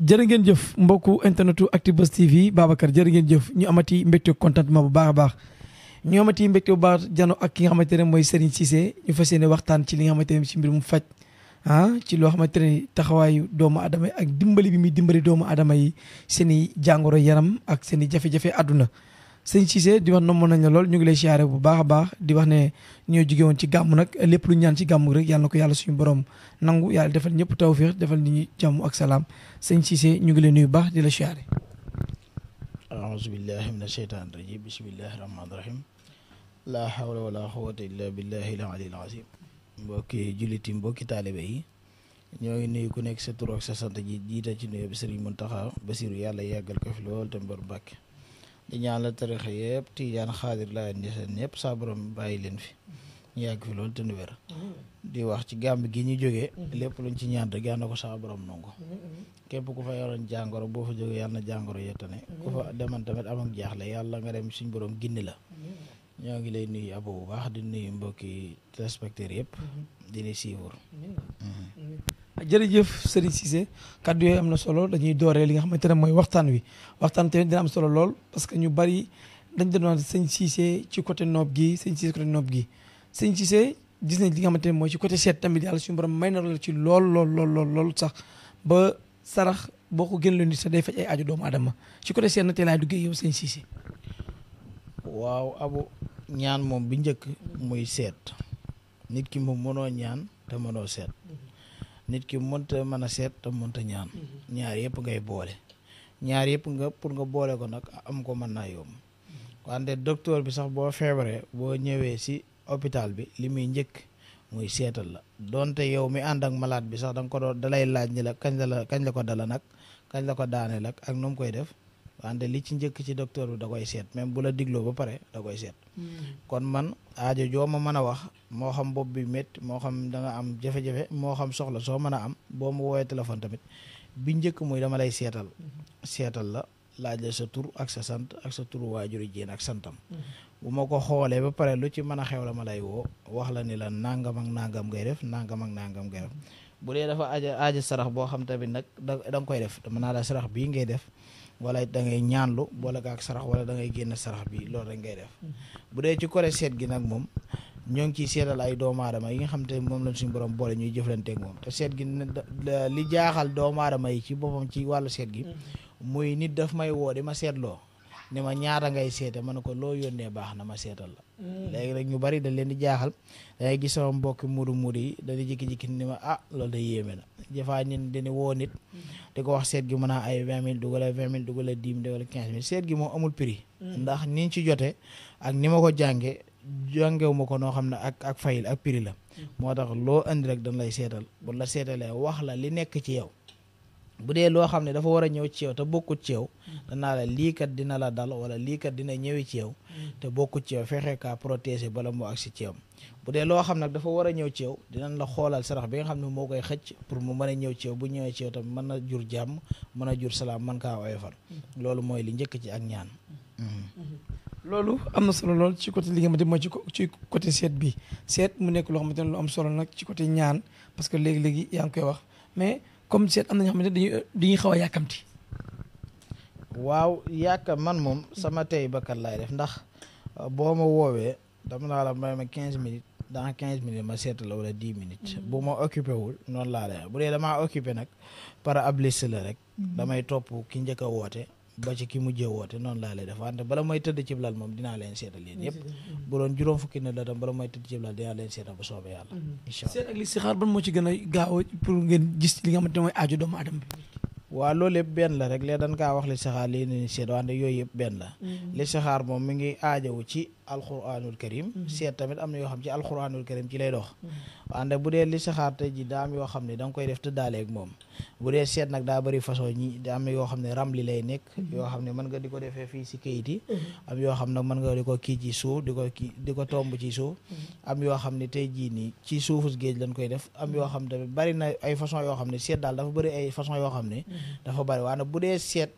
jërë ngeen jëf mbokku internetu Actubuzz TV Babacar jërë ngeen jëf ñu amati mbégte contentement bu baax a baax ñu amati mbégte bu baax jano ak ki nga xamante ne mooy Serigne Cissé ñu fas yéene waxtaan ci li nga xamante ne ci mbirum faj ah ci loo xamante ne taxawaayu doomu adama yi ak dimbali bi muy dimbali doomu adama yi seen i jàngoro yaram ak seen i jafe-jafe àdduna sëñ Cissé di wax nommoon nañ la lool ñu ngi lay siyaare bu baax baax di wax ne ñoo jóge woon ci gàmm nag lépp lu ñaan ci gàmm rek yàlla ko yàlla suñu borom nangu yàlla defal ñëpp tawféex defal ni ñu jàmm ak salaam sëñ Cissé ñu ngi leen nuyu baax di la siyaare aousubillahi min asheytan rajim bismillahi rahmaani rahim la hawla wala quwwata illa billahi al aliyyil azim mbokki julliti mbokki taalibe yi ñoo ngi nuyu ku nekk sa tur sa sant ji jiita ci nuyu bi sëriñ Muntaxa Basiru yàlla yàggal ko lool te mbor di ñaan la tarixa yëpp tiijaan xaadir laa indi seen ñëpp saa borom bàyyi leen fi ñu yàgg fi loolu te nu wér mm-hmm. di wax ci gàmb gi ñu jógee mm-hmm. lépp luñ ci ñaan rek yàlla na ko saa borom nangu mm-hmm. képp ku fa yoroon jàngoro boo fa jógee yàlla na jàngoro yettane ku fa deman tamit am ak jaaxle yàlla nga dem suñ borom gindi la ñoo ngi lay nuyu abo bu baax di nuyu mbokki téléspectateurs yëpp di ni jërëjëf Serigne Cissé kaddu yooyu am na solo dañuy dooree li nga xamante ne mooy waxtaan wi waxtaan tamit dina am solo lool parce que ñu bari dañ doon naan sëñ Cissé ci côté noob gi sëñ Cissé côté noob gi sëñ Cissé gis li nga xamante ne mooy ci côté seet tamit yàlla suñu borom may na la ci lool lool lool lool lool sax ba sarax boo ko gën la nit sax day faj ay ajo doomu aadama ci côté seet na tey laay duggee yow sëñ Cissé waaw abu ñaan moom bi njëkk muy seet nit ki moom mënoo ñaan te mënoo seet nit ki ta mën a seet te mënta ñaan mm-hmm. ñaar yëpp ngay boole ñaar yëpp nga pour nga boole ko nag am ko mën naa yomb mm-hmm. wante docteur bi sax boo feebaree boo ñëwee si hôpital bi li muy njëkk muy seetal la donte yow mi ànd ak malaat bi sax danga ko doon dalay laaj ni la kañ la kañ la ko dala nag kañ la ko daaneel ak ak nu koy def wante li ci njëkk ci docteur bi da koy seet même bu la digloo ba pare da koy seet. Mm. kon man aajo joo ma mën a wax moo xam bopp bi métti moo xam da nga am jafe-jafe moo xam soxla soo mën a am boo ma woowee téléphone tamit bi njëkk muy dama lay seetal. Mm-hmm. seetal la laaj la sa tur ak sa sant ak sa turu waajur yi jéen ak santam. Mm-hmm. bu ma ko xoolee ba pare lu ci mën a xew la ma lay woo wax la ni la nangam ak nangam ngay def nangam ak nangam ngay def mm-hmm. bu dee dafa aaja aaja sarax boo xam tamit nag wala da ngay ñaanlu boole ko ak sarax wala da ngay génn sarax bi loolu rek ngay def bu dee ci côté seet gi nag moom ñoo ngi ciy seetal ay doomaadama yi nga xam te moom lañ suñu borom boole ñuy jëflanteeg moom te seet gi li jaaxal doomaadama yi ci boppam ci wàllu seet gi mm-hmm. muy nit daf may woo di ma seetloo ni ma ñaata ngay seete ma ne ko loo yónnee baax na ma seetal la. Mm. léegi rek ñu bari dañ leen di jaaxal dangay gis sama mbokki mudu mudu yi dañuy jékki-jékki ni ma ah loolu day yéeme na jafaa ñun dañu woo nit mm. di wax seet gi mën a ay vingt mille dugale vingt mille dugale dix mille dugale quinze mille seet gi moom amul prix mm. ndax niñ ci jotee ak ni ma ko jànge jàngewu ko noo xam ne ak ak fayil ak prix la moo tax loo indi rek dañ lay seetal bu la seetalee wax la li nekk ci yow bu dee loo xam ne dafa war a ñëw ci yow te bokkut ci yow danaa la lii kat dina la dal wala lii kat dina ñëwi ci yow te bokkut ci yow fexe kaa protéger bala moo agsi ci yow bu dee loo xam ne dafa war a ñëw ci yow dinañ la xoolal sarax bi nga xam ne moo koy xëcc pour mu mën bu ñëwee ci yow tam mën na jur a jur salaam mën kaa oyofal mooy li njëkk ci ak ñaan loolu am na solo lool ci côté li nga xamante mooy ci côté seet bi seet mu nekk loo xamante ne lu am solo nag ci côté ñaan parce que léegi-léegi yaa ngi koy wax mais comme seet am na ñoo xamante dañuy dañuy xaw a yàkkamti. waaw yàkkam man moom sama tey bakkat laay def ndax euh, boo ma woowee dama naa la may ma quinze minutes dans quinze minutes ma seet la wala dix minutes mm-hmm. bu ma occupé wul noonu laa lay bu dee damaa occupé nag par ab liste rek mm-hmm. damay topp ki njëkk woote ba ci ki mujjee woote noonu laa lay def wante bala may tëdd ci lal moom dinaa leen seetal yéen yëpp mm-hmm. mm-hmm. bu doon juróom fukki ne la tam bala may tëdd ci dinaa leen seetal ba soobee yàlla mm-hmm. incha allah seet ak listixaar ban moo ci gën a gaaw pour ngeen gis li nga xamante ne mooy aajo doomu aadama bi waaw loolu yëpp benn la rek léegi dañ kaa wax listixaar lii ni seet wante yooyu yëpp benn la listixaar moom mi ngi aajowu ci alquranul karim mhm. seet tamit am na yoo xam ci alquranul karim ci lay dox mhm. wante bu dee li saxaar tey ji daa am yoo xam ne da nga koy def tëddaaleeg moom bu dee seet da yoo xam ne ramli lay nekk mhm. yoo xam ne mën nga di ko defee fii si kayit am yoo xam nag mën nga di ko kii ci suuf di ko di ko tomb ci suuf am yoo xam ne tey jii nii ci suufus géej lañ koy def am yoo xam tamit bari na ay façon yoo xam ne seet daal dafa bëri ay façon yoo xam ne dafa bari waane bu dee seet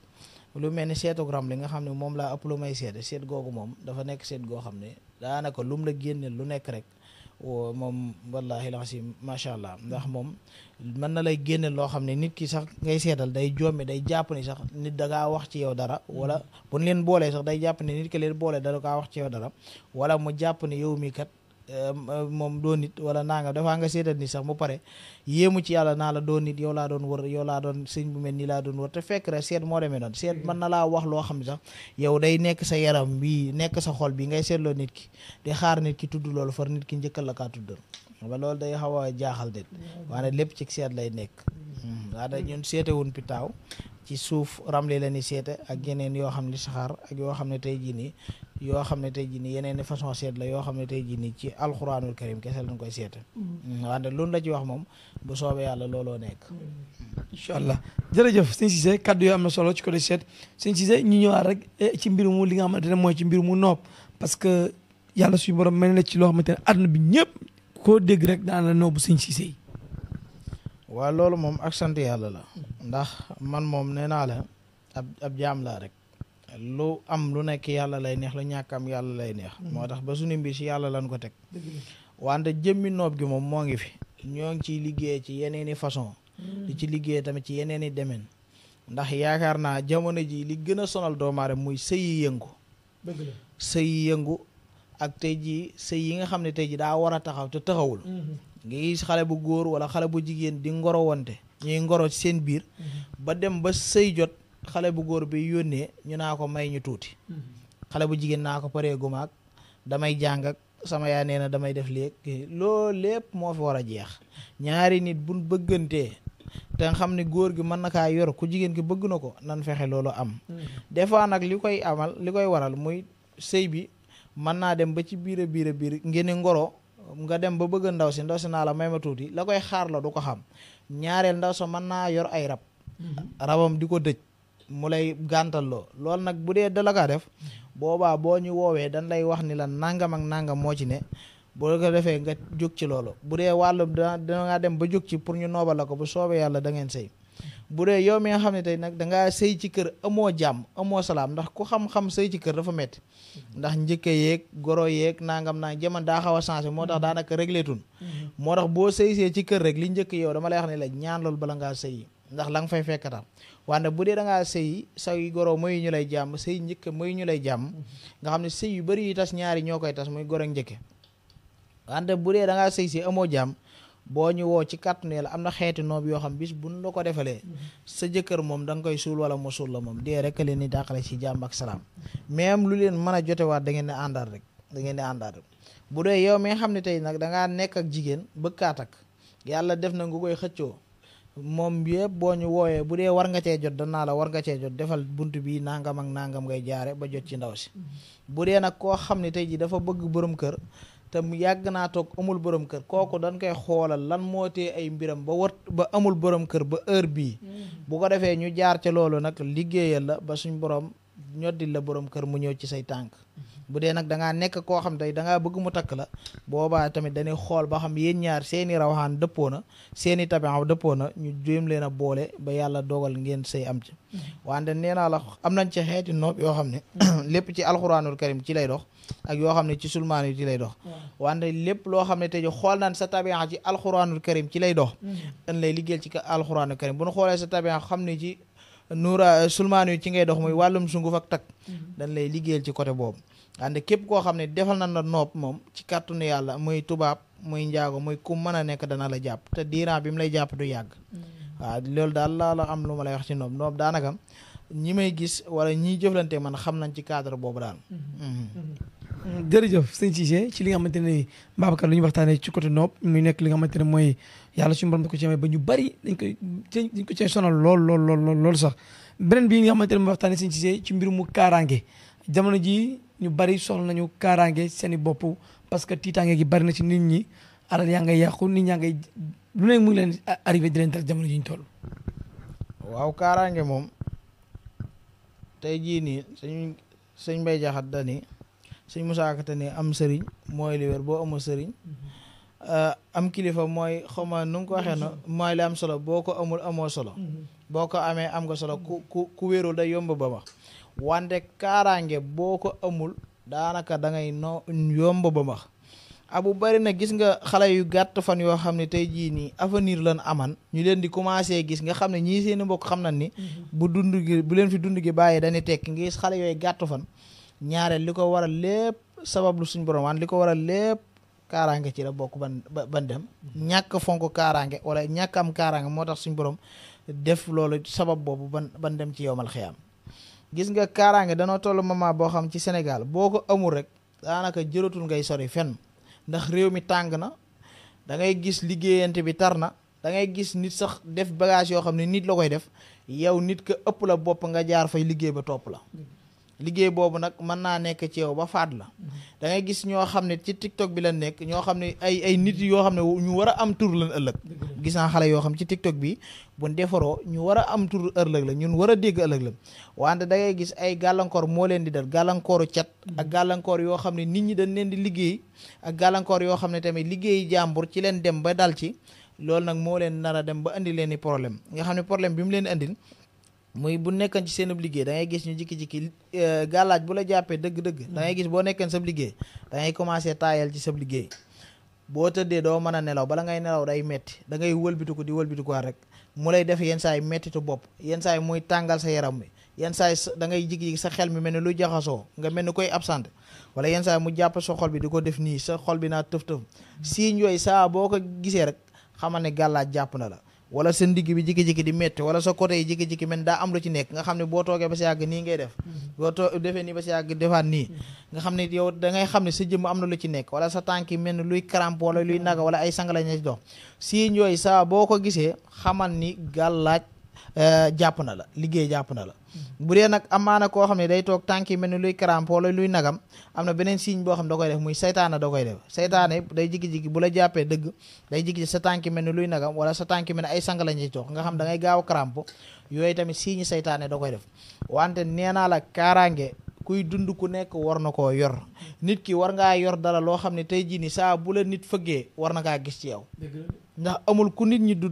lu mel ni seetu ram li nga xam ne moom laa ëpp lu may seet seet googu moom dafa nekk seet goo xam ne daanaka lum la génne lu nekk rek moom wallaahi la si macha allah ndax moom mën na lay génne loo xam ne nit ki sax ngay seetal day jommi day jàpp ni sax nit da ngaa wax ci yow dara wala bu leen boolee sax day jàpp ni ki leen boolee da ngaa wax ci yow dara wala mu jàpp ni yow mi kat. Ehm, eh, moom doo nit wala nangam dafaa nga seetal ni sax ba pare yéemu ci yàlla naa la doo nit yow laa doon wër yow laa doon sëñ bu mel nii laa doon wër te fekk rek seet moo demee noonu seet man na laa wax loo xam sax yow day nekk sa yaram bi nekk sa xol bi ngay seetloo nit ki di xaar nit ki tudd loolu far nit ki njëkkal la kaa tuddal ba loolu day xaw a jaaxal de waaye lépp ci seet lay nekk hmm, waa da ñun seetewun pitaaw ci suuf ramli la ni seete ak yeneen yoo xam ne saxaar ak yoo xam ne tey jii nii yoo xam ne tey jii nii yeneen façon seet la yoo xam ne tey jii nii ci alxuraanul karim kese lañ koy seet. Mm-hmm. wante loolu la ci wax moom bu soobee yàlla looloo nekk. Mm-hmm. incha allah jërëjëf sëñ Cissé kaddu yoo am na solo ci ko di seet sëñ Cissé ñu ñëwaat rek eh, ci mbir mu li nga xamante ne mooy ci mbir mu noob parce que yàlla suñu borom mel na ci loo xamante ne àdduna bi ñëpp koo dégg rek daan la noobu sëñ Cissé yi. waaw loolu moom ak sant yàlla la. ndax man moom nee naa la ab jaam laa lu am lu nekk yàlla lay neex lu ñàkk am yàlla lay neex mm-hmm. moo tax ba suñu mbir si yàlla lan ko teg wante jëmmi noob gi moom moo ngi fi ñoo ngi ciy liggéey ci yeneen i façon mm-hmm. di ci liggéey tamit ci yeneen i demen ndax yaakaar naa jamono ji li gën a sonal doomaare muy sëy yi yëngu sëy yi yëngu ak tey jii sëy yi nga xam ne tey jii daa war a taxaw te taxawul mm-hmm. nga gis xale bu góor wala xale bu jigéen di ngoro wante ñuy ngoro ci seen biir ba dem ba sëy jot xale bu góor bi yónnee ñu naa ko may ñu tuuti xale bu jigéen naa ko paree gumaag damay jàng sama yaa nee na damay def léegi loo lépp moo fi war a jeex ñaari nit bu bëggantee te xam ne góor gi mën na kaa yor ku jigéen ki bëgg na ko nan fexe loolu am mm-hmm. des nag li koy amal li koy waral muy sëy bi mën naa dem ba ci biir a biir a biir ngoro nga dem ba bëgg ndaw si ndaw si naa la may ma tuuti la koy xaar la du ko xam ñaareel ndaw sa mën naa yor ay mm-hmm. mu lay loo loolu nag bu dee dala kaa def boobaa boo ñu woowee dan lay wax ni la nangam ak nangam moo ci ne boo ko defee nga jóg ci loolu bu dee wàll da dangaa dem ba jóg ci pour ñu noobal la ko bu soobee yàlla da ngeen sëy bu dee yow mi nga xam ne tey nag dangaa sëy ci kër amoo jàmm amoo salaam ndax ku xam-xam sëy ci kër dafa metti ndax njëkk yeeg goro yeeg nangam naa jaman daa xaw a changé moo tax daanaka réglé tun moo tax boo sëy see ci kër rek li njëkk yow dama lay wax ne la ñaan loolu bala ngaa sëy ndax la nga fay wante bu dee da ngaa sëy say goro mooy ñu lay jàmm sëy njëkk mooy ñu lay jàmm mm-hmm. nga xam ne sëy yu bari yu tas ñaari ñoo koy tas muy goro njëkke wante bu dee da ngaa sëy si amoo jàmm boo ñu woo ci kàttanu la am na xeeti noob yoo xam bis bu la ko defalee mm-hmm. sa jëkkër moom da nga koy suul wala mu suul la moom dee rek leen di dàqale si jàmm ak salaam même lu leen mën a jotewaat da ngeen di àndaat da ngeen di àndaat bu dee yow mi xam ne tey nag dangaa nekk ak jigéen bëgg takk yàlla def na nga koy xëccoo moom yëpp boo ñu wooyee bu dee war nga cee jot danaa la war nga cee jot defal bunt bi nangam ak nangam ngay jaare ba jot ci ndaw si mm-hmm. bu dee nag koo xam ne tey ji dafa bëgg borom kër te mu yàgg naa toog amul borom kër kooku dañ koy xoolal lan moo tee ay mbiram ba wat ba amul borom kër ba heure bii mm-hmm. bu ko defee ñu jaar ca loolu nag liggéeyal la ba suñ borom ñoddil la borom kër mu ñëw ci say tànk mm-hmm. bu dee nag da nekk koo xam tey da ngaa bëgg mu takk la boobaa tamit dañuy xool ba xam yéen ñaar seeni rawaxaan dëppoo na seeni tabixa dëppoo na ñu jéem leen a boole ba yàlla dogal ngeen sëy am ci wante nee naa la am nañ ci xeeti noob yoo xam ne lépp ci alxuraanul karim ci lay dox ak ne ci sulmaan yi ci lay dox wante loo xam ne tey xool naan sa tabixa ci alxuraanul karim ci lay dox mm. dañ lay liggéeyal ci alxuraanul karim bu ñu xoolee sa tabixa xam ne ci nuura sulmaan yi ci ngay dox muy wàllum sunguf ak takk mm. dañ lay liggéeyal ci côté boobu wante képp koo xam ne defal na la nopp moom ci kàttanu yàlla muy tubaab muy njaago muy ku mën a nekk dana la jàpp te diiran bi mu lay jàpp du yàgg mm. waaw loolu daal laa am lu ma lay wax ci nopp nopp daanaka ñi may gis wala ñi jëflante man xam nañ ci cadre boobu daal mm-hmm. jërëjëf sëñ ci li nga xamante ne Babacar lu ñu waxtaanee ci côté noob muy nekk li nga xamante ne mooy yàlla suñu borom ko ci amee ba ñu bari dañ koy dañ lool lool lool lool sax beneen bi nga xamante ne mooy waxtaanee sëñ Cissé ci mbirum mu kaaraange jamono ji ñu bari soxla nañu kaaraange seen i bopp parce que tiitaange gi bari na ci nit ñi alal yaa ngay yàqu nit ñaa ngay lu ne mu leen arrivé di leen dal jamono ji ñu waaw kaaraange moom tey jii nii sëñ sëñ Mbay Jaxate dani sëñ Musaa Ka am sëriñ mooy li wér boo amul sëriñ mm-hmm. am kilifa mooy xawma nu ko waxee na mooy li am solo boo ko amul amoo solo mm-hmm. boo ko amee am nga solo ku ku ku wérul day yomb ba ma wante kaaraange boo ko amul daanaka da ngay no yomb ba max abu bari na gis nga xale yu gàtt fan yoo xam ne tey jii nii avenir lan aman ñu leen di commencé gis nga xam ne ñii seen mbokk xam na ni mhm. bu dund gi bu leen fi dund gi bàyyi dañuy tekk nga gis xale yooyu gàtt fan ñaareel li ko waral lépp sabablu suñ borom waan li ko waral lépp kaaraange ci la bokk ban ban dem mhm. ñàkk fonk kaaraange wala ñàkk am kaaraange moo tax suñ borom def loolu sabab boobu ban ban dem ci yowmal xiyaam gis nga kaaraange danoo toll moment boo xam ci Sénégal boo ko amul rek daanaka jëratul ngay sori fenn ndax réew mi tàng na da ngay gis liggéeyante bi tar na da ngay gis nit sax def bagage yoo xam ne nit la koy def yow nit ka ëpp la bopp nga jaar fay liggéey ba topp la. liggéey boobu nag mën naa nekk ci yow ba faat la da ngay gis ñoo xam ne ci tiktok bi la nekk ñoo xam ne ay ay nit yoo xam ne ñu war a am tur lan ëllëg gis naa xale yoo xam ci tiktok bi buñ defaroo ñu war a am tur ëllëg la ñun war a dégg ëllëg la wante da ngay gis ay gàllankoor moo leen di dal gàllankooru cat ak gàllankoor yoo xam ne nit ñi dañ leen di liggéey ak gàllankoor yoo xam ne tamit liggéey jàmbur ci leen dem ba dal ci loolu nag moo leen nar a dem ba indi leen i nga xam ne problème bi mu leen indil muy bu nekkoon ci seenub liggéey da ngay gis ñu jikki-jikki euh, gàllaaj bu la jàppee dëgg-dëgg da ngay gis boo nekkoon sab liggéey da ngay commencé taayal ci sab liggéey boo tëddee doo mën a nelaw bala ngay nelaw day metti dangay ngay di wëlbitiku rek mu lay def yenn saa yi mettitu bopp yenn saa yi muy tàngal sa yaram bi yenn saay yi da ngay jikki-jikki sa xel mi mel ni lu jaxasoo nga mel ni koy absent wala yenn saa mu jàpp sa xol bi di ko def nii sa xol bi naa tëf-tëf yooyu saa boo ko gisee rek xamal ne gàllaaj jàpp na la wala sa ndigg bi jikki-jikki di métti wala sa côté yi jikki-jikki men daa am lu ci nekk nga xam ne boo toogee ba si yàgg nii ngay def mm-hmm. boo too defee nii ba si yàgg defaat nii mm-hmm. nga xam ne yow da ngay xam ne sa jëmm am na lu ci nekk wala sa tànk yi mel ni luy crampe wala luy naga wala ay sangalañ ci dox si yooyu saa boo ko gisee xamal ni laaj Euh, jàpp na la liggéey jàpp na la bu dee nag amaana koo xam ne day toog tànk yi mel ni luy karampo luy nagam am na beneen signe boo xam da koy def muy seytaane da koy def saytaane day jigi-jigi bu la jàppee dëgg day jigi sa tànk mel ni luy nagam wala sa tànk mel ni ay sang la ñuy toog nga xam da ngay gaaw karampo yooyu tamit signe saytaane da koy def wante nee naa la kaaraange kuy dund ku nekk war na koo yor nit ki war ngaa yor dara loo xam ne tey jii ni saa bu la nit fëggee war na kaa gis ci yow ndax amul ku nit ñi du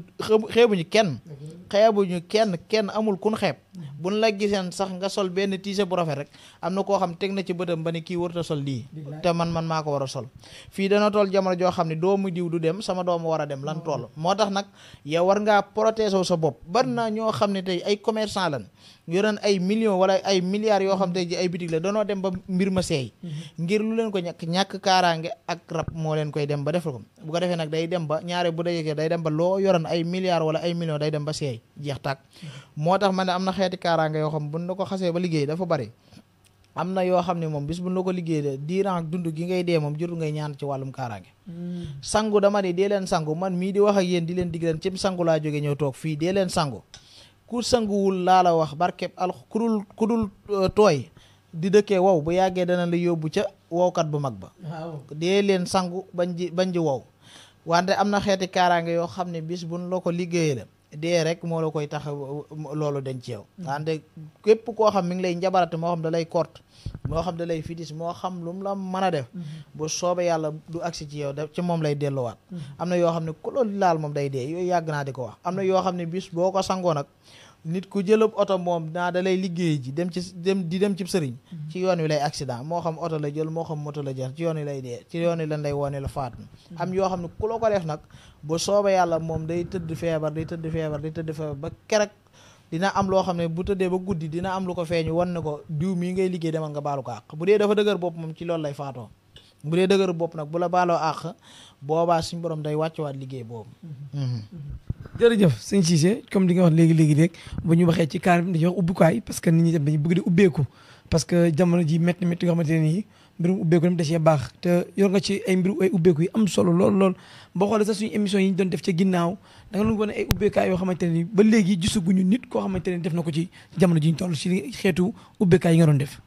xeebuñu kenn mhm. xeebuñu kenn kenn amul kun xeeb buñ la giseen sax nga sol benn tiise bu rafet rek am na koo xam teg na ci bëtam ba ne kii warut a sol lii te man man maa ko war a sol fii dana toll jamono joo xam ne doomu diw du dem sama doomu war a dem lan oh. tool moo tax nag yow war ngaa protéger wu sa bopp bari naa ñoo xam ne tey ay commerçant lan yoreen ay millions wala ay milliards yoo xam tey ji ay bitig la danoo dem ba mbir ma seey mm-hmm. ngir lu leen ko ñàkk ñàkk kaaraange ak rab moo leen koy dem ba defal ko bu ko defee day dem ba ñaare bu dajekee day dem ba loo yoreen ay milliards wala ay millions day dem ba seey jeex tàkk mm-hmm. moo tax man am na xeet xeeti kaaraange yoo xam buñ la ko xasee ba liggéey dafa bari am na yoo xam ne moom bis buñ la ko liggéey de dund gi ngay dee moom jurul ngay ñaan ci wàllum kaaraange mm. sangu dama ni dee leen sangu man mii di wax ak yéen di leen dig leen sangu laa jóge ñëw toog fii dee leen sangu ku sanguwul laa la wax barkeb al ku dul euh, tooy di dëkkee wow bu yàggee dana la yóbbu ca wowkat bu mag ba dee leen sangu bañ ji bañ ji wow wante am na xeeti kaaraange yoo xam ne bis buñ la ko liggéey la dee rek moo la koy tax loolu den ci yow daante képp koo xam mi ngi lay njabarate moo xam da lay kort moo xam da fitis moo xam lu mu la mën a def mm-hmm. bu soobee yàlla du agsi ci yow da ci moom lay delluwaat mm-hmm. am na yoo xam ne ku loolu laal moom day dee yooyu yàgg naa di ko wax am na yoo xam ne bis boo ko sangoo nag nit ku jëlab oto moom naa da lay liggéey ji dem ci dem di dem ci sëriñ mm-hmm. ci yoon wi lay accident moo xam oto la jël moo xam moto la jël ci yoon wi lay dee ci yoon wi lan lay woone la faat mm-hmm. am yoo xam ne ku la ko def nag bu soobee moom day tëdd feebar day tëdd feebar day tëdd ba kerek dina am loo xam ne bu tëddee ba guddi dina am lu ko feeñu wan ne ko diw mii ngay liggéey demal nga baalu ko àq bu dee dafa dëgër bopp moom ci loolu lay faatoo bu dee dëgër bopp nag bu la baaloo àq boobaa suñ borom day wàccuwaat liggéey boobu mm-hmm. jërëjëf sëñ Cissé comme di nga wax léegi léegi léeg bu ñu waxee ci kaar bi dañuy wax ubbukaay parce que nit ñi dañu bëgg di ubbeeku parce que jamono ji métti métti nga xamante ne nii mbirum ubbeeku da cee baax te yor nga ci ay mbiru ay ubbeeku yi am solo lool lool boo xoolee sax suñu émission yi ñu doon def ci ginnaaw da nga doon wane ubbeekaay yoo xamante ne nii ba léegi gisuguñu nit koo xamante ne def na ko ci jamono ji ñu toll ci xeetu ubbeekaay yi nga doon def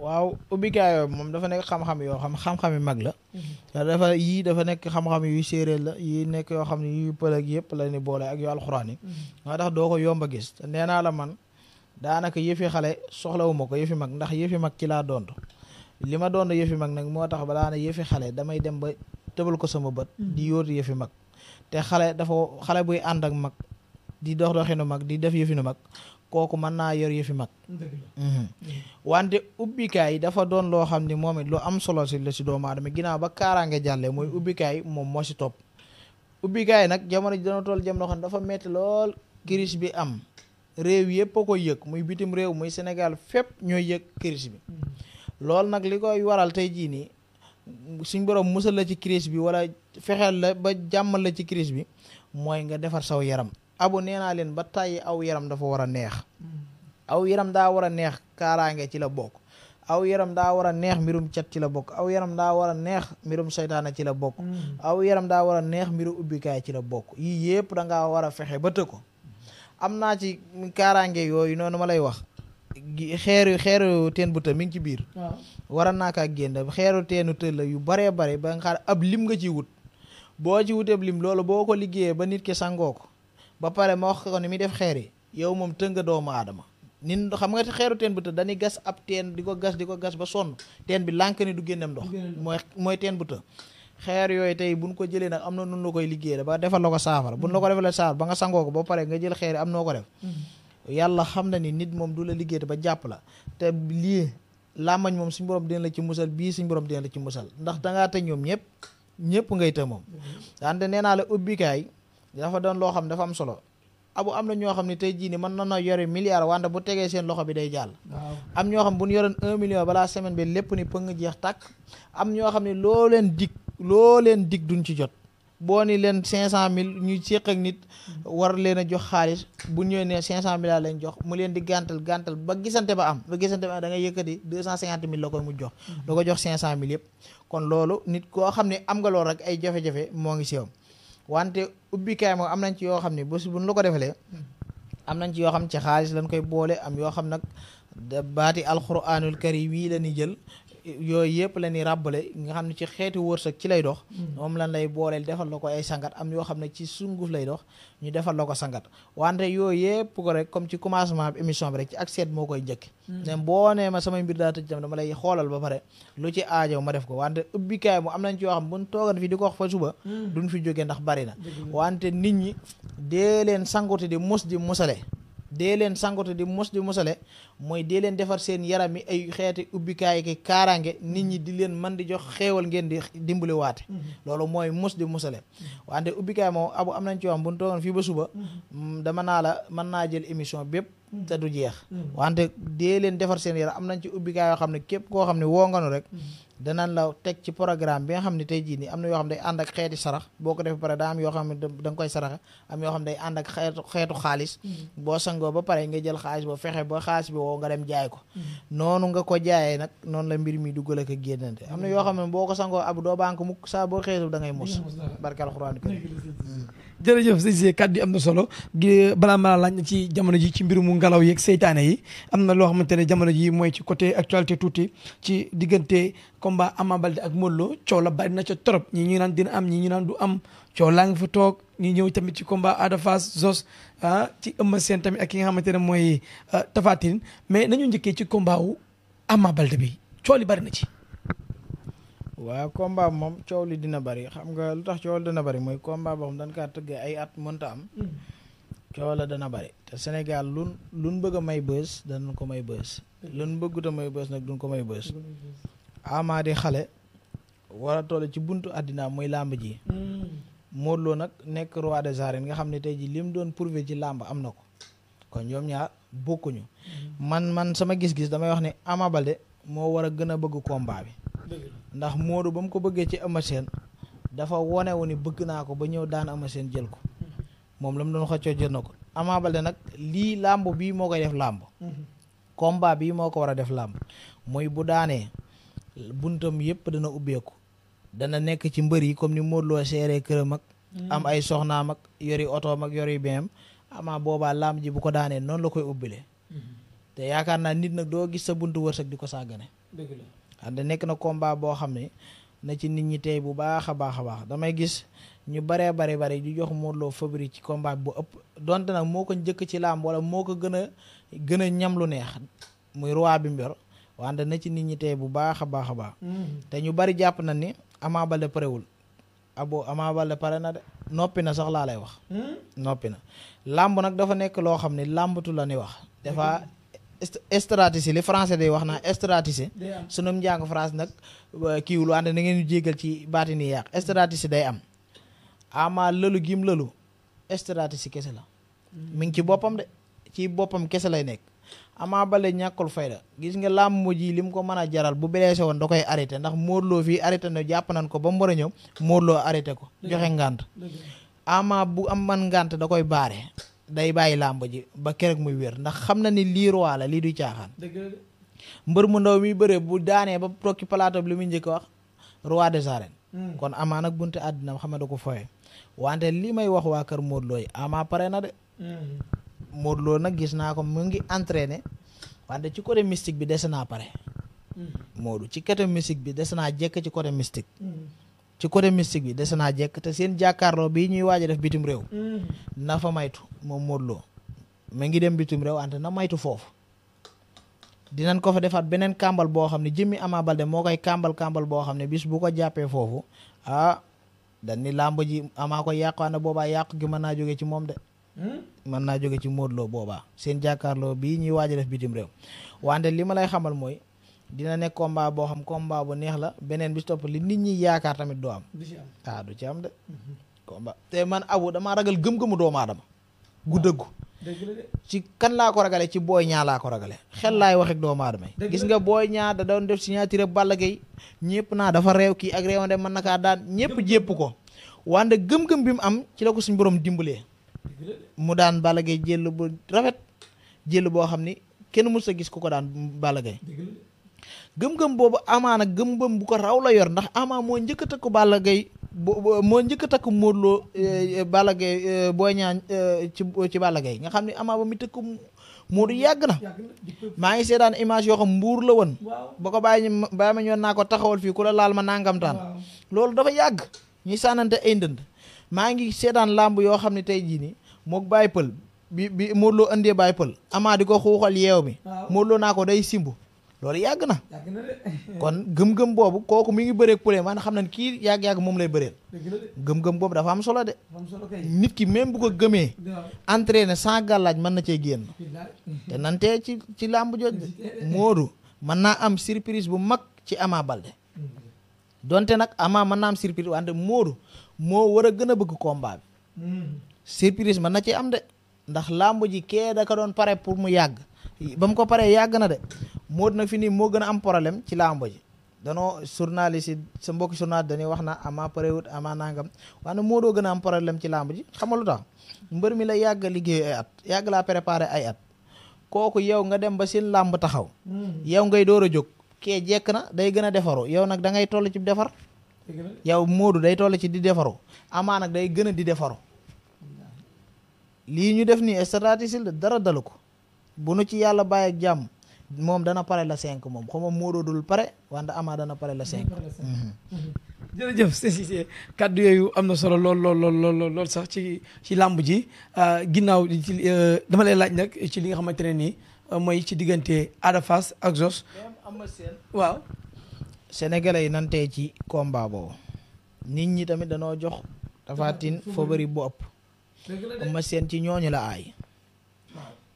waaw ubbikaayoo moom dafa nekk xam-xam yoo xam xam-xam yu mag la. Mhm. dafa yii dafa nekk xam-xam yu séeréer la yii nekk yoo xam ne yu pël ak yëpp la ni boole ak yu alxuraan yi. Mhm. moo tax doo ko yomb a gis te nee la man daanaka yëfi xale soxlawu ma ko yëfi mag ndax yëfi mag ci laa li ma doon yëfi mag nag moo tax ba daana yëfi xale damay dem ba tëbal ko sama bët. Mhm. di yóotu yëfi mag. te xale dafa xale buy ànd ak mag di dox doxinu mag di def yëfinu mag kooku mën naa yor yëfi mag mhm. wante ubbikaay dafa doon loo xam ne moom it lu am solo si la si doomu aadama ginnaaw ba kaaraange jàllee mooy ubbikaay moom moo si topp ubbikaay nag jamono ji dana toll jëm noo xam ne dafa metti lool crise bi am réew yëpp a ko yëg muy bitim réew muy Sénégal fépp ñooy yëg crise bi mhm. loolu nag li koy waral tey jii nii suñ borom musal la ci crise bi wala fexeel la ba jàmmal la ci crise bi mooy nga defar saw yaram abu nee naa leen ba tàyyi aw yaram dafa war a neex aw yaram daa war a neex kaaraange ci la bokk aw yaram daa war a neex mbirum cat ci la bokk aw yaram daa war a neex mbirum seytaane ci la bokk mm. aw yaram daa war a neex mbiru ubbikaay ci la bokk yii yëpp da ngaa war a fexe ba të ko am naa ci kaaraange yooyu noonu ma lay wax xeeru xeeru teen bu të mi ngi ci biir wara naaka ak génn xeeru teenu tël la yu baree bare ba nga xam ab lim nga ci wut boo ci wutee lim loolu boo ko liggéeyee ba nit ki sangoo ko ba pare ma wax ko ni muy def xeer yi yow moom tënga doomu aadama nin xam nga xeeru teen bu të dañuy gas ab teen di ko gas di ko gas ba sonn teen bi lànk ni du génneem ndox mooy mooy teen bu të xeer yooyu tey buñ ko jëlee nag am na nun la koy liggéey ba defal la ko saafara buñ la ko defal la ba nga sangoo ko ba pare nga jël xeer yi am ko def mm-hmm. xam na ni nit moom du la liggéey ba jàpp la te lii làmmañ moom suñ borom dina la ci musal bii suñ borom dina la ci musal ndax dangaa te ñoom ñëpp ñëpp ngay te moom mm-hmm. wante nee naa la ubbikaay dafa doon loo xam dafa am solo abu am na ñoo xam ne tey jii ni mën na na yore milliard wante bu tegee seen loxo bi day jàll am ñoo xam bu ñu yoroon un million balaa semaine bi lépp ni pëng jeex tàkk am ñoo xam ne loo leen dig loo leen dig duñ ci jot boo ni leen cinq cent mille ñuy séq ak nit war leen a jox xaalis bu ñëwee ne cinq cent mille laa jox mu leen di gàntal gàntal ba gisante ba am ba gisante ba am da ngay yëkkati deux cent cinquante mille la koy mu jox mm-hmm. da ko jox cinq cent mille yëpp kon loolu nit koo xam ne am nga loolu rek ay jafe moo ngi siwam wante ubbikaay moom am nañ ci yoo xam ne bés buñ la ko defalee am nañ ci yoo xam ci xaalis lañ koy boole am yoo xam nag baati alquranul karim yi la ñuy jël yooyu yëpp la ñuy ràbbale nga xam ne ci xeeti wërsëg ci lay dox mm. moom lan lay booleel defal la ko ay sangat am yoo xam ne ci sunguf lay dox ñu defal la ko sangat wante yooyu yëpp ko rek comme ci commencement bi émission bi rek ci ak seet moo koy njëkk ne mm. boo nee ma samay mbir daa tëj tam dama lay xoolal ba pare lu ci aajow ma def ko wante ubbikaay mu am nañ ci yoo xam buñ toogan fii di ko fa suba mm. duñ fi jógee ndax bari na wante nit ñi dee leen sangote di mos di mosale dee leen sangote di mos di mosale mooy dee leen defar seen yaram mi ay xeeti ubbikaay ki kaaraange nit ñi di leen man di jox xeewal ngeen di dimbali waate mm-hmm. loolu mooy mos di mosale mm-hmm. wante ubbikaay moom abu am nañ ci wax bu ñu fii ba suba mm-hmm. mm, dama naa la man naa jël émission bépp te du jeex wante dee leen defar seen yaram am nañ ci ubbikaay yoo xam ne képp koo xam ne woo nga nu rek danaan la teg ci programme bi nga xam ne tey jii nii am na yoo xam day ànd ak xeeti sarax boo ko def ba pare daa am yoo xam ne da nga koy saraxe am yoo xam day ànd ak xeetu xeetu xaalis mm-hmm. boo sangoo ba pare nga jël xaalis boo fexe ba xaalis bi woo nga dem jaay ko mm-hmm. noonu nga ko jaayee nag noonu la mbir mi duggal ak génnante am na mm-hmm. yoo xam ne boo ko sangoo ab doo banque mukk saa boo xeetu da ngay barke alxuraan kër jërëjëf sëñ si kàddu yi am na solo gi balaa ma laaj na ci jamono ji ci mu ngelaw yeeg seytaane yi am na loo xamante ne jamono ji mooy ci côté actualité tuuti ci diggante combat Ama Baldé ak Modou coola coow la bari na ca trop ñi ñu naan dina am ñi ñu naan du am coow laa ngi fa toog ñi ñëw tamit ci combat Ada Fass Zos ah ci Eumeu Sène tamit ak ki nga xamante ne mooy ah, Tapha Tine mais nañu njëkkee ci combat wu Ama Baldé bi coow li bari na ci waaw combat moom coow li dina bari xam nga lu tax coow li dina bari mooy combat boo xam dañ kaa tëgg ay at mënta am mm. coow la dana bari te Sénégal lun lun bëgg a may bës danañ ko may bës lun bëggut a may bës nag duñ ko may bës Ama di xale war a ci buntu àddina mooy làmb ji mm. Modou loo nag nekk roi des arènes nga xam ne tey ji li doon prouver ci làmb am na ko kon ñoom ñaar bokkuñu mm. man man sama gis-gis damay wax ne Ama Baldé moo wara gën a bëgg combat bi ndax Modou ba mu ko bëggee ci Eumeu Sène dafa wone wu ni bëgg naa ko ba ñëw daan Eumeu jël ko moom la mu doon xëccoo jël na ko Ama Baldé nag lii làmb bii moo koy def làmb combat bii moo ko war a def làmb mooy bu daanee buntam yëpp dana ubbeeku dana nekk ci mbër yi comme ni Modou Lo seeree këram ak am ay soxnaam ak yori otoom ak yori beem ama boobaa làmb ji bu ko daanee noonu la koy ubbile mm-hmm. te yaakaar naa nit nag doo gis sa buntu wërsëg di ko sàggane da nekk na combat boo xam ne na ci nit ñi tey bu baa a baax a baax damay gis ñu baree bari bari di jox Modou loo fabiri ci kombaa bu ëpp donte nag moo ko njëkk ci làmb wala moo ko gën a gën a ñam lu neex muy roi bi mbir wante na ci nit ñi tey bu baax a baax a baax. Mm-hmm. te ñu bari jàpp na ni Ama Baldé parewul abo Ama Baldé pare na de noppi na sax laa lay wax. Mm-hmm. noppi na làmb nag dafa nekk loo xam ne làmbatu la ni wax. dafa stratégie li français day wax naa stratégie sunum njàng France nag kiiwul wante na ngeen jégal ci baati ni yàq stratégie day am ama lëlu gim lëlu stratégie kese la mm. mi ngi ci boppam de ci boppam kese lay nekk Ama Baldé ñàkkul fayda gis nga làmb mujj li mu ko mën a jaral bu blessé woon da koy arrêté ndax Modou Lo fii arrêté na jàpp nañ ko ba mu war a ñëw Modou Lo arrêté ko joxe ngànt ama bu am man ngant da koy baare day bàyyi làmb ji ba keroog muy wér ndax xam na ni lii roi la lii du caaxaan. mbër mu ndaw mi bëree bu daanee ba tokki plateau bi li muy njëkk wax roi des arènes. Hmm. kon amaa nag bunte àddina xam ne ko foyee wante lii may wax waa kër Modou Lo yi amaa pare na de. Hmm. Modou Lo nag gis naa ko mu ngi entraîné wante ci côté mystique bi des naa pare. Hmm. Modou ci côté mystique bi des naa jekk ci côté mystique. ci côté mystique bi dese naa jekk te seen jàkkaarloo bii ñuy waaja def bitim réew. Mm. na fa maytu moom Modou Lo ma ngi dem bitim réew ante na maytu foofu. dinan ko fa defaat beneen kambal boo xam ne jëmmi Ama Baldé moo koy kàmbal kàmbal boo xam ne bis bu ko jàppee foofu ah dañ ni làmb ji amaa ko yàq waane boobaa yàq gi mën naa jóge ci moom de. Mm. mën naa jóge ci Modou boobaa seen jàkkaarloo bii ñuy waaj a def bitim réew. wante li ma lay xamal mooy dina nekk combat boo xam combat bu neex la beneen bi topp li nit ñi yaakaar tamit doo am. du ci am ah, de. Mhm. combat te man abu damaa ragal gëm-gëmu doomu aadama. gu ah. dëggu. ci kan laa ko ragale ci booy ñaa laa ko ragale xel laay wax ak doomu aadama gis nga booy ñaa da doon def signature Balla Gaye ñëpp naa dafa réew kii ak réewande mën na kaa daan ñëpp jépp ko wante gëm-gëm bi mu am ci la ko suñu borom dimbalee mu daan Balla Gaye jël bu rafet jël boo xam ni kenn mës sa gis ku ko daan Balla gëm-gëm boobu amaana gëm-gëm bu ko raw la yor ndax ama moo njëkk a takku Balla Gaye moo njëkk a takku Modou Lo eh, eh, Balla boo eh, Boy Niang ci ci Balla Gaye nga xam ne ama ba mi tëkku Modou yàgg na maa ngi seedaan image yoo xam mbuur la woon ba ko bàyyi bàyyi ñoon naa ko taxawal fii ku la laal ma nangamtaan loolu dafa yàgg ñuy sànnante ay ndënd maa ngi seedaan làmb yoo xam ne tey jii ni mook bàyyi pël bi bi Modou Lo indee bàyyi pël ama di ko xuuxal yeew mi Modou Lo naa ko day simbu loolu yàgg na. kon gëm-gëm boobu kooku mu ngi bëree poulet maanaam xam nañ kii yàgg-yàgg moom lay bëreel. gëm-gëm boobu dafa am solo de. nit ki même bu ko gëmee. entraîné sans gàllaaj mën na cee génn. te nantee ci ci làmb joj Moodu mën naa am surprise bu mag ci Ama Balde. donte nag Ama mën naa am surprise wante moo war a gën a bëgg combat bi. Hmm. surprise mën na ci am de ndax làmb ji kee da ko doon pare pour mu yàgg. ba mu ko paree yàgg na de Modou nag fi nii moo gën a am problème ci làmb ji danoo journaliste yi sa mbokki journaliste dañuy wax na ama parewut ama nangam waaye Modou gën a am problème ci làmb ji xam nga lu tax mbër mi la yàgg liggéey ay at yàgg laa préparer ay at kooku yow nga dem ba seen làmb taxaw. Hmm. yow ngay door a jóg. kee jekk na day gën a defaru yow nag dangay toll ci defar. yow Modou day toll ci di defaru amaa nag day gën a di defaru hmm. lii ñu def nii stratégie la dara dalu ko. bu nu ci yàlla bàyyi jàmm moom dana pare la cinq moom xuma Modou dul pare wante Ama dana pare la cinq mhm. jërëjëf Cissé kàddu yooyu am na solo lool lool lool sax ci ci làmb ji ah, ginnaaw ci euh, dama lay laaj nag ci li nga xamante ne nii euh, mooy ci diggante Ada Fass ak Zoss waaw nantee ci combat boobu nit ñi tamit danoo jox Tapha Tine favori bu ëpp Eumeu Sène ci ñooñu la aay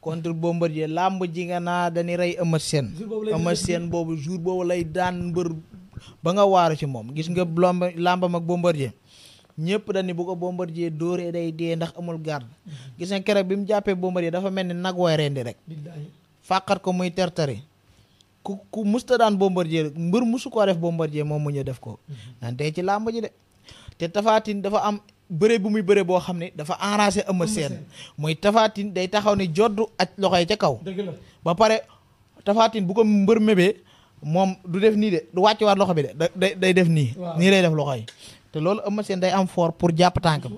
contre Bombardier làmb ji nga naa dañuy rey Eumeu Sène Eumeu Sène boobu jour boobu lay daan mbër ba nga waaru ci moom gis nga lomb làmbam ak Bombardier ñëpp dañ ni bu ko Bombardier dooree day dee ndax amul garde mm-hmm. gis nga keroog bi mu jàppee Bombardier dafa mel ni nag way rendi rek fàqat ko muy tertari ku ku musta daan Bombardier mbër musu koo def Bombardier moom mu ñu def ko mm-hmm. nante ci làmb ji de te tafaatin dafa am bëre bu muy bëre boo xam ne dafa arrangé Eumeu seen mooy tafaatin day taxaw ne joddu loxo yi ca kaw ba pare tafaatin bu ko mbër mébee moom du def nii de du wàcc waat loxo bi de day day def nii nii lay def loxo yi te loolu Eumeu seen day am fort pour jàpp tànk bi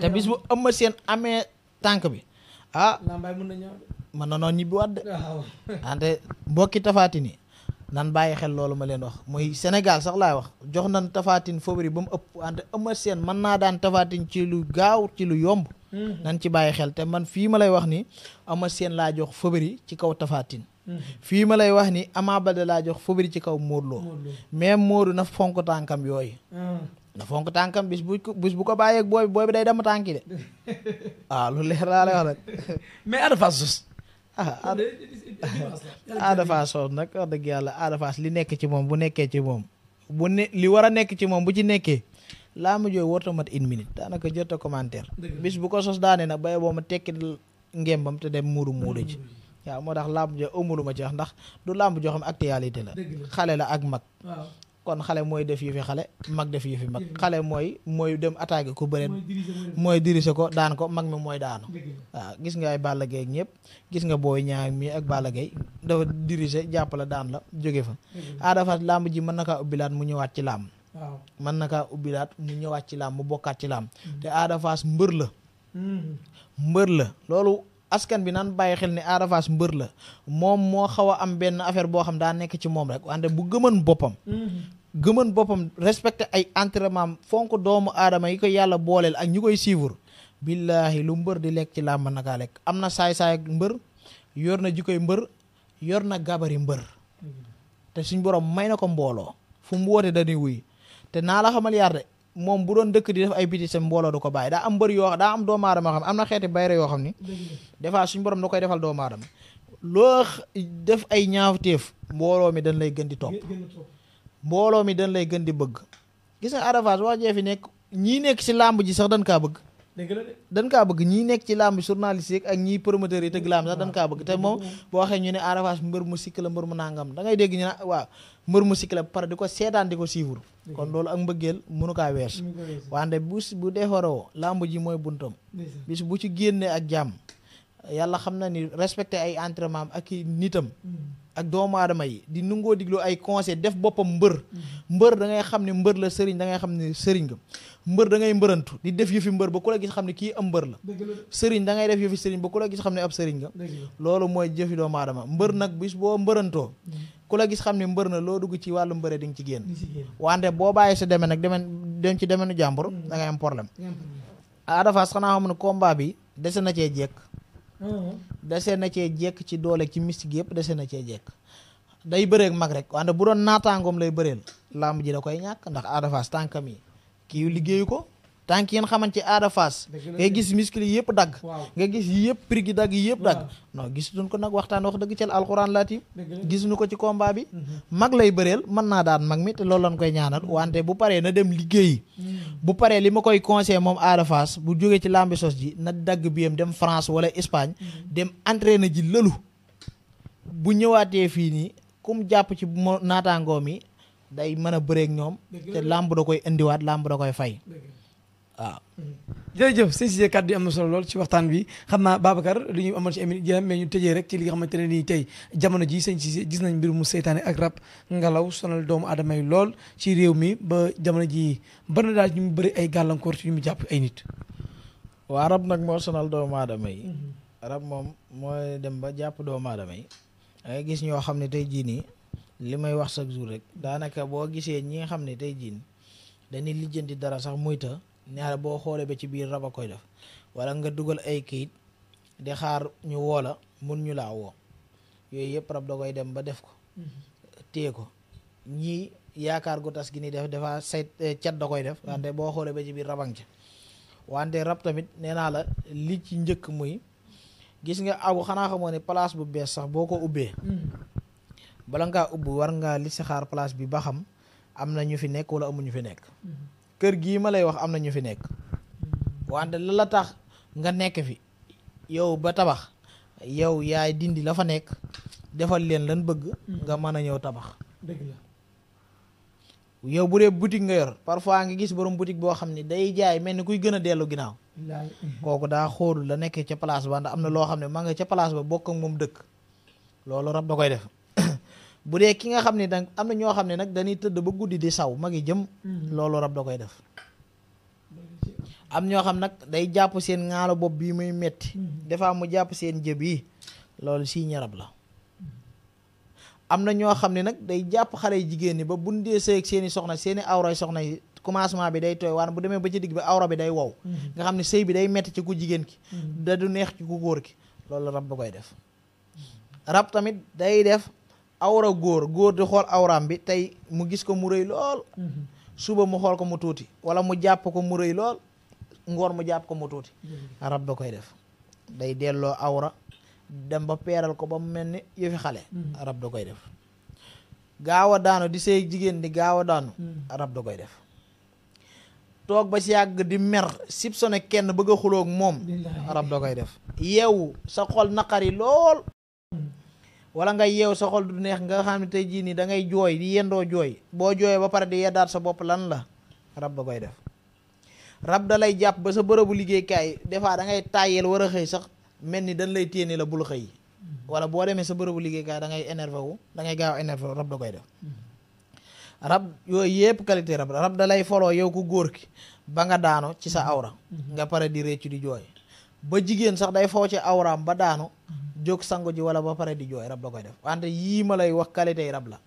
te bis bu Eumeu Sène amee tànk bi ah mën na noonu ñibbi waat de ante mbokki tafaatin yi nan bàyyi xel loolu ma leen wax mooy Sénégal sax laay wax jox nan tafaatin favori ba mu ëpp wante Eumeu Sène mën naa daan tafaatin ci lu gaaw ci lu yomb hmm. nan ci bàyyi xel te man fii ma lay wax ni Eumeu Sène laa jox favori ci kaw tafaatin hmm. fii ma lay wax ni Ama Baldé laa jox favori ci kaw Modou Lô même Modou na fonk tànkam yooyu hmm. na fonk tànkam bis bu bis bu ko bàyyeeg booy bi booy day dem tànki de waaw ah, lu leer laa lay wax nag mais Ah, ah, ah Ada Fass nag wax dëgg yàlla Ada Fass li nekk ci moom bu nekkee ci moom bu ne li war a nekk ci moom bu ci nekkee laa ma jooy warta mat une minute daanaka jot a commentaire bis bu ko sos daanee nag bay boo ma tekki ngembam te dem muuru muuru ji waaw moo tax làmb jo ëmb lu ma ci wax ndax du làmb joo xam actualité la xale la ak mag kon xale mooy def xale mag def yu fi xale mooy mooy dem attaqué ko bëre mooy diriger ko daan ko mag mi mooy daanu waaw gis nga ay Balla Gaye ñëpp gis nga booy ñaa mi ak Balla Gaye dafa diriger jàppale daan la jóge fa Ada Fass làmb ji mën na kaa ubbilaat mu ñëwaat ci làmb mën ubbilaat mu ñëwaat ci làmb mu bokkaat ci làmb mm-hmm. te Ada mbër la mm-hmm. mbër la loolu askan bi naan bàyyi xel ne Ada mbër la moom moo xaw a am benn affaire boo xam daa nekk ci moom rek wante bu gëman boppam mm-hmm. gëmën boppam respecté ay entraînement fonk doomu aadama yi koy yàlla booleel ak ñi koy suivre billaahi lu mbër di lekk ci làmb nakaa lekk am na saay-saay mbër yor na jikoy mbër yor na gabari mbër te suñ borom may na ko mbooloo fu mu woote dañuy wuy te naa la xamal yaar de moom bu doon dëkk di def ay biti sa mbooloo du ko bàyyi daa am mbër yoo daa am doomu aadama xam na xeeti bayre yoo xam ni des fois suñ borom da koy defal doomu aadama loo def ay ñaawteef mbooloo mi dañ lay gën di topp mbooloo mi dañ lay gën di bëgg gis nga Ada Fass wax jee fi nekk ñii nekk ci làmb ji sax dañ kaa bëgg dañ kaa bëgg ñii nekk ci làmb journaliste yeeg ak ñii promoteurs yi tëgg làmb sax dañ kaa bëgg te moom boo waxee ñu ne Ada Fass mbër mu sikk la mbër mu nangam da ngay dégg ñu ne ah, waaw mbër mu sikk la pare di ko seetaan di ko suivre kon loolu ak mbëggeel mënu kaa wees wante bu bu defaroo làmb ji mooy buntam bis bu ci génnee ak jàmm yàlla xam na ni respecté ay entraînement ak i ak doomu aadama yi di nungoo diglu ay conseil def boppam mbër mbër da ngay xam ne mbër la sëriñ da ngay xam ne sëriñ nga mbër da ngay mbërantu di def yëfi mbër ba ku la gis xam ne kii am mbër la sëriñ da ngay def yëfi sëriñ ba ku la gis xam ne ab sëriñ nga loolu mooy jëfi doomu aadama mbër nag bis boo mbërantoo mm-hmm. ku la gis xam ne mbër na loo dugg ci wàllu mbëre di ci génn wante boo bàyyi sa demee nag demen dem ci demenu jàmbur mm-hmm. da ngay am problème Ada Fass xanaa xam Mm-hmm. desee na cee jekk ci doole ci mystique yëpp dese na cee jekk day bëreek mag rek wante bu doon naataangoom lay bëreel làmb ji da koy ñàkk ndax Ada Fass tànkam yi kii liggéeyu ko tànk yéen xamante ci aada faas nga gis muscle yi yëpp dagg nga gis yëpp prix gi dagg yëpp dagg non gis duñ ko nag waxtaan wax dëgg cel alxuraan laati gis ko ci kombaa bi mhm. mag lay bëreel mën naa daan mag mi te loolu lañ koy ñaanal wante bu paree na dem liggéeyi mhm. bu paree li ma koy conseil moom aada faas bu jógee ci làmbi sos ji na dagg bi biyam dem France wala Espagne mhm. dem na ji lëlu bu ñëwaatee fii nii kum jàpp ci bu ma naataangoom yi day mën a bëreeg ñoom te làmb koy indiwaat làmb da koy fay waaw. Ah. jërëjëf sëñ Cissé kàddu yi am na solo lool ci waxtaan bi xam naa Babacar li ñu amoon ci émission jërëm mais ñu tëjee rek ci li nga xamante ne nii tey jamono ji sëñ Cissé gis nañ mbir mu seytaane ak rab ngelaw sonal doomu aadama yi lool ci réew mi ba jamono jii ba daal ñu mu bëri ay gàllankoor ci ñu mu jàpp ay nit. nag moo sonal doomu aadama yi. Mhm. rab moom mooy dem ba jàpp doomu aadama yi. gis ñoo xam ne tey jii nii li may wax chaque jour rek daanaka boo gisee ñi nga xam ne tey jii dañuy di dara sax muy ñaare boo xoolee ba ci biir rab koy def wala nga dugal ay kayit di xaar ñu woo la mun ñu laa woo yooyu yëpp rab da koy dem ba def ko téye ko ñii yaakaar gu tas gi ni def dafa say eh, cat da koy def wante boo xoolee ba ci biir raban ca wante rab tamit nee naa la li ci njëkk muy gis nga aw xanaa xamoo ne place bu bees sax boo ko ubbee bala ngaa ubbi war ngaa li si xaar place bi ba xam am na ñu fi nekk wala amuñu fi nekk kër gii ma lay wax am na ñu fi nekk wante la la tax nga nekk fi yow ba tabax yow yaay dindi la fa nekk defal leen lan bëgg nga mën a ñëw tabax dëgg la yow bu dee boutique nga yor parfois nga gis borom boutique boo xam ne day jaay mel ni kuy gëna dellu ginnaaw kooku daa xoolu la nekkee ca place ba ndax am na loo xam ne ma nga ca place ba bokk moom dëkk loolu rab da koy def bu dee ki nga xam ne da am na ñoo xam ne nag dañuy tëdd ba guddi di saw magi jëm mm-hmm. loolu rab da koy def am ñoo xam nag day jàpp seen ŋaalo bopp bii muy metti mm-hmm. des fois mu jàpp seen jëb yi loolu signe rab la mm-hmm. am na ñoo xam ne nag day jàpp xale jigéen ñi ba bun dee sëy ak seen soxna seen awra awray soxna yi commencement bi day tooy waan bu demee ba ci digg bi awra bi day wow nga xam ne sëy bi day metti ci ku jigéen ki da du neex ci ku góor ki loolu rab da koy def rab tamit day def awra góor góor di xool awraam bi tey mu gis ko mu rëy lool mhm. suba mu xool ko mu tuuti wala mu jàpp ko mu rëy lool ngoor mu jàpp ko mu tuuti mhm. rab ba koy def day delloo awra dem ba peeral ko ba mu mel ni yëfi xale mhm. rab da koy def gaawa a daanu di sëy jigéen di gaaw a daanu rab da koy def toog ba si yàgg di mer sib sone kenn bëgg a xuloog moom rab da koy def yeewu sa xol naqari lool wala nga yeew sa xol du neex nga xam ne tey jii nii dangay jooy di yendoo jooy boo jooyee ba pare di yeddaat sa bopp lan la rab ba koy def rab da lay jàpp ba sa bërëbu liggéeykaay des da ngay tàyyeel war a xëy sax mel ni dañ lay téye la bul xëy wala boo demee sa bërëbu liggéeykaay da ngay énervé wu da ngay gaaw énervé wu rab koy def rab yooyu yëpp qualité rab rab da lay foloo yow ku góor ki ba nga daano ci sa awra mm-hmm. nga pare di réccu di jooy ba jigéen sax day foo ci awraam ba daanu jóg sangu ji wala ba pare di jooy rab da koy def wante yii ma lay wax qualité yi rab la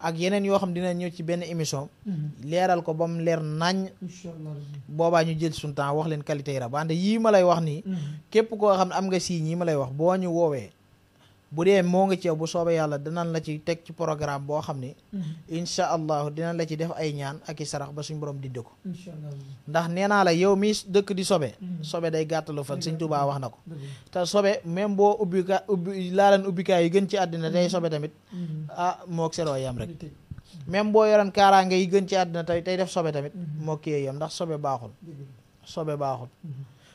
ak yeneen yoo xam dina ñëw ci benn émission mm-hmm. leeral ko ba mu leer nañ boobaa ñu jël suñu temps wax leen qualité yi rab wante yii ma lay wax nii mm-hmm. képp koo xam ne am nga si ñii ma lay wax boo ñu woowee bu dee moo nga ci bu soobee yàlla dinañ la ci teg ci programme boo xam ne mm-hmm. incha allahu dinañ la ci def ay ñaan ak i sarax ba suñ borom di dëkku ndax nee naa la yow mi dëkk di sobe mm-hmm. sobe day gàttalu fan sëñ Tuubaa wax na ko mm-hmm. te sobe même boo ubbi ka ubbi laalan ubbikaay yu gën ci àddina day sobe tamit ah mook seroo yam rek boo yoroon kaaraange yi gën ci àddina tey tey def sobe tamit moo kii yam ndax sobe baaxul sobe baaxul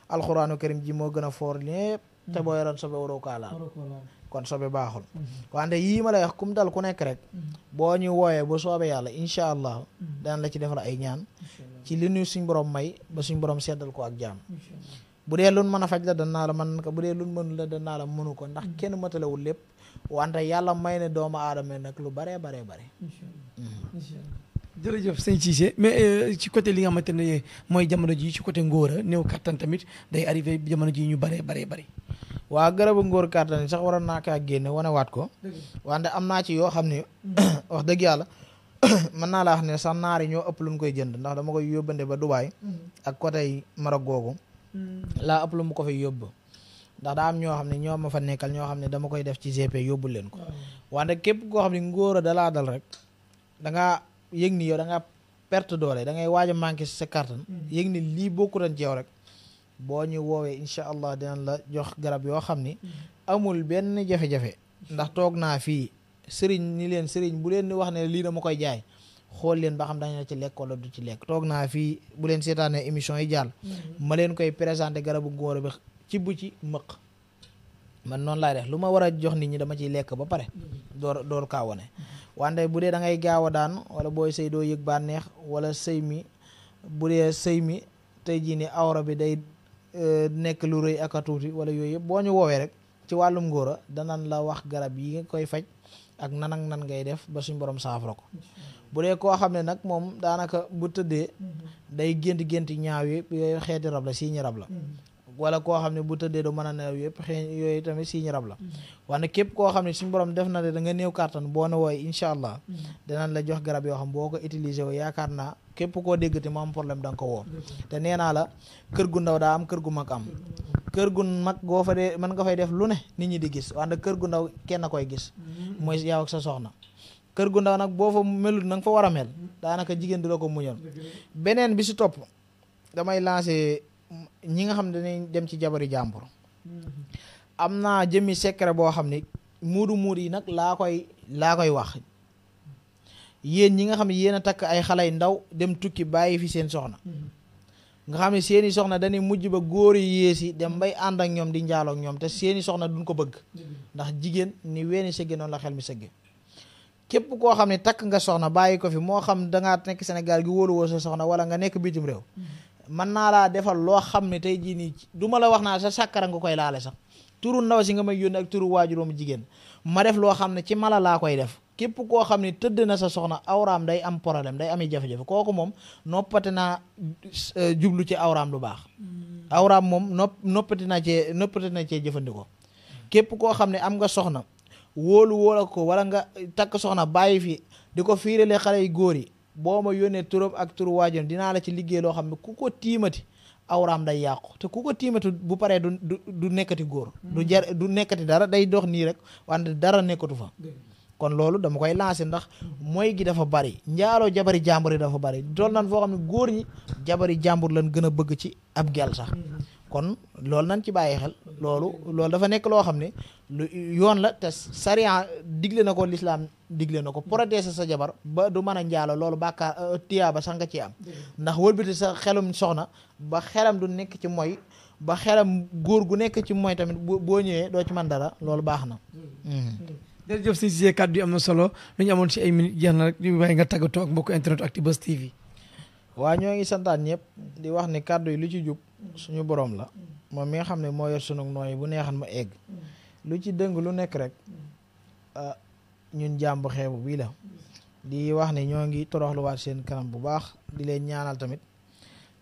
alxuraanu karim ji moo gën a foor lépp te boo yoroon sobe waroo kaa laal kon sobe baaxul mm-hmm. wante yii ma lay wax kum dal ku nekk rek mm-hmm. boo ñu wooyee bu soobee yàlla incha allah mm-hmm. daan la ci defal ay ñaan ci li nuy suñ borom may ba suñ borom seddal ko ak jaam bu dee lun mën a faj la danaa la mën ko bu dee lun mënu la danaa la mënu ko ndax kenn matalewul lépp wante yàlla may ne doomu aadama nag lu baree baree bare jërëjëf sëñ Cissé mais euh, ci côté li nga xamante ne mooy jamono ji ci côté ngóora néew kattan tamit day arrivé jamono ji ñu baree baree bari waa garabu ngóor kàttan sax waroon naa kaa génne waat ko wante am naa ci yoo xam ne wax dëgg yàlla mën naa laa xam ne sax naar yi ñoo ëpp lu koy jënd ndax dama koy yóbbande ba Dubaay mm-hmm. ak côté Maroc googu mm. laa ëpp lu mu ko fay yóbbu ndax daa am ñoo xam ne ñoo ma fa nekkal ñoo xam ne dama koy def ci GP yóbbu leen ko mm. wante képp koo xam ne ngóor a dalaa dal rek dangaa yëg ni yow dangaa perte doole da ngay waaj a manqué sa kàttan mm. yëg ni lii bokkutan ci yow rek boo ñu woowee incha allah dinañ la jox garab yoo xam ni amul benn jafe-jafe ndax toog naa fii sëriñ ni leen sëriñ bu leen di wax ne lii dama koy jaay xool leen ba xam dañ la ci lekk du ci lekk toog naa fii bu leen seetaanee émission yi jàll mm-hmm. ma leen koy présenté garabu ngóor ci bu ci mëq man noonu laay lu ma war a jox nit ñi dama ciy lekk ba pare mm-hmm. door door kaa wone wante bu dee da ngay gaaw a daan wala booy sëy doo yëg bànneex wala sëy mi bu dee sëy mi tey jii ni awra bi day Eh, nekk lu rëy ak a tuuti wala yooyu yëpp boo ñu woowee rek ci wàllum ngóora danaan la wax garab yi nga koy faj ak nan ak nan ngay def ba suñ borom saafara ko bu dee koo xam ne nag moom daanaka bu tëddee day gént gént ñaaw yëpp yooyu xeeti rab la sii ñi la wala koo xam ne bu tëddee du mën a neew yëpp xëy yooyu tamit si ñu rab la wante képp koo xam ne suñu borom def na de da nga néew kàttan boo ne wooy incha allah mm-hmm. danañ la jox garab yoo xam boo ko utilisé wo yaakaar naa képp koo déggati mu am problème danga ko woo mm-hmm. te nee naa la kër gu ndaw daa am kër gu mag am mm-hmm. kër gu mag goo fa dee mën nga fay def lu ne nit ñi di gis wante kër gu ndaw kenn koy gis mm-hmm. mooy yow ak sa soxna kër gu ndaw nag boo fa melut na nga fa war a mel daanaka jigéen du la ko muñal beneen bi si topp damay lancé ñi nga xam ne dañuy dem ci jabari jàmbur am naa jëmmi secret boo xam ne muudu muud yi nag laa koy laa koy wax yéen ñi nga xam ne yéen a takk ay xale xalay ndaw dem tukki bàyyi fi seen soxna nga xam ne seeni soxna dañuy mujj ba góor yu yées yi dem bay ànd ak ñoom di njaaloo ak ñoom te seeni soxna duñ ko bëgg ndax jigéen ni weeni sëgge noonu la xel mi sëgge képp koo xam ne takk nga soxna bàyyi ko fi moo xam dangaa nekk senegal gi wóolu woo sa soxna wala nga nekk bitim réew mën naa laa defal loo xam ne tey jii nii du ma la wax naa sa sàkkara nga koy laale sax turu ndaw si nga may yónni ak turu waajuróomu jigéen ma loo xam ne ci mala laa koy def képp koo xam ne tëdd na sa soxna awraam day am problème day amee jafe-jafe kooku moom noppati naa euh, jublu ci awraam lu baax mm. awraam moom nopp noppati naa cee noppati na cee jëfandikoo képp koo xam ne am nga soxna wóolu wóola ko wala nga takk soxna bàyyi fi di ko fiirale xale yu góor yi boo ma yónnee turam ak turu waajoon dinaa la ci liggéey loo xam ne ku ko tiimati awraam day yàqu te ku ko tiimati bu paree du du nekkati góor mm. du jar du nekkati dara day dox nii rek wante dara nekkatu fa kon loolu dama koy lancé ndax mooy gi dafa bari njaaloo jabari jàmbur yi dafa bari tool nan foo xam ne góor ñi jabari jàmbur lañ gën a bëgg ci ab gel sax kon loolu nan ci bàyyi xel loolu loolu dafa nekk loo xam ne lu yoon la te sariya digle na ko lislaam digle na ko protéger sa jabar ba du mën a njaalo loolu bàkkaar euh, tiyaaba sax nga ci am ndax wëlbati sa xelum soxna ba xelam du nekk ci mooy ba xelam góor gu nekk ci mooy tamit boo ñëwee doo ci mën dara loolu baax na hmm. jërëjëf sëñ Cissé kàddu yi am na solo lu ñu amoon ci ay minutes jeex na rek nga tàggatoo ak mbokku internet Actubuzz TV. waa ñoo ngi santaan ñëpp di wax ni kàddu yi lu ci jub suñu borom la moom mi nga xam ne moo yor sunu bu neexan ma egg lu ci dëng lu nekk rek ah, ñun jàmb xeebu bii la di wax ne ñoo ngi toroxluwaat seen kanam bu baax di leen ñaanal tamit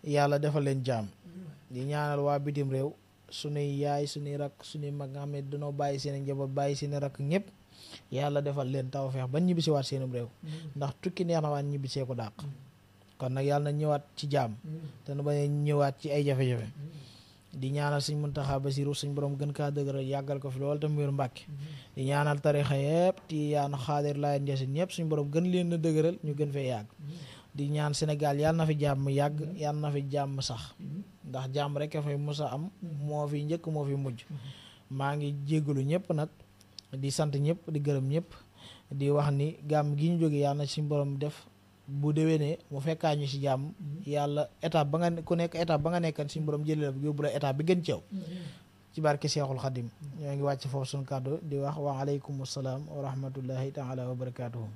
yàlla defal leen jàmm di ñaanal waa bitim réew su sunuy yaay nuy rakk sunuy mag nga xam ne danoo bàyyi seen njaboot bàyyi seen rakk ñëpp. yàlla defal leen tawfeex ba ñibbisi waat seenum réew mm-hmm. ndax tukki neex na waan ñibbisee ko dàq mm-hmm. kon nag yàlla na ñëwaat ci jaam mm-hmm. te nu bañ a ñëwaat ci ay jafe-jafe di ñaanal suñ Muntaxa Basiru suñ borom gën kaa dëgëral yàggal ko fi lool te muur Mbàkke di ñaanal tarixa yëpp ti yaan xaadir laay ndeesin ñëpp suñ borom gën ñu gën fee yàgg di ñaan Sénégal yàlla na fi jàmm yàgg yàlla na fi jàmm sax ndax jàmm rek a fay musa am moo fi njëkk moo fi mujj maa ngi jéggalu ñëpp nag di sant ñëpp di gërëm ñëpp di wax ni gàmm gi ñu jógee yàlla na suñu borom def bu déwénee mu fekkaa ñu si jàmm yàlla étape ba nga ku nekk étape ba nga nekkan suñu borom jëlee la yóbbu la étape bi gën ci yow ci barke Seexul Xadim ñoo ngi wàcc foofu suñu di wax wa aleykum salaam wa rahmatullahi taala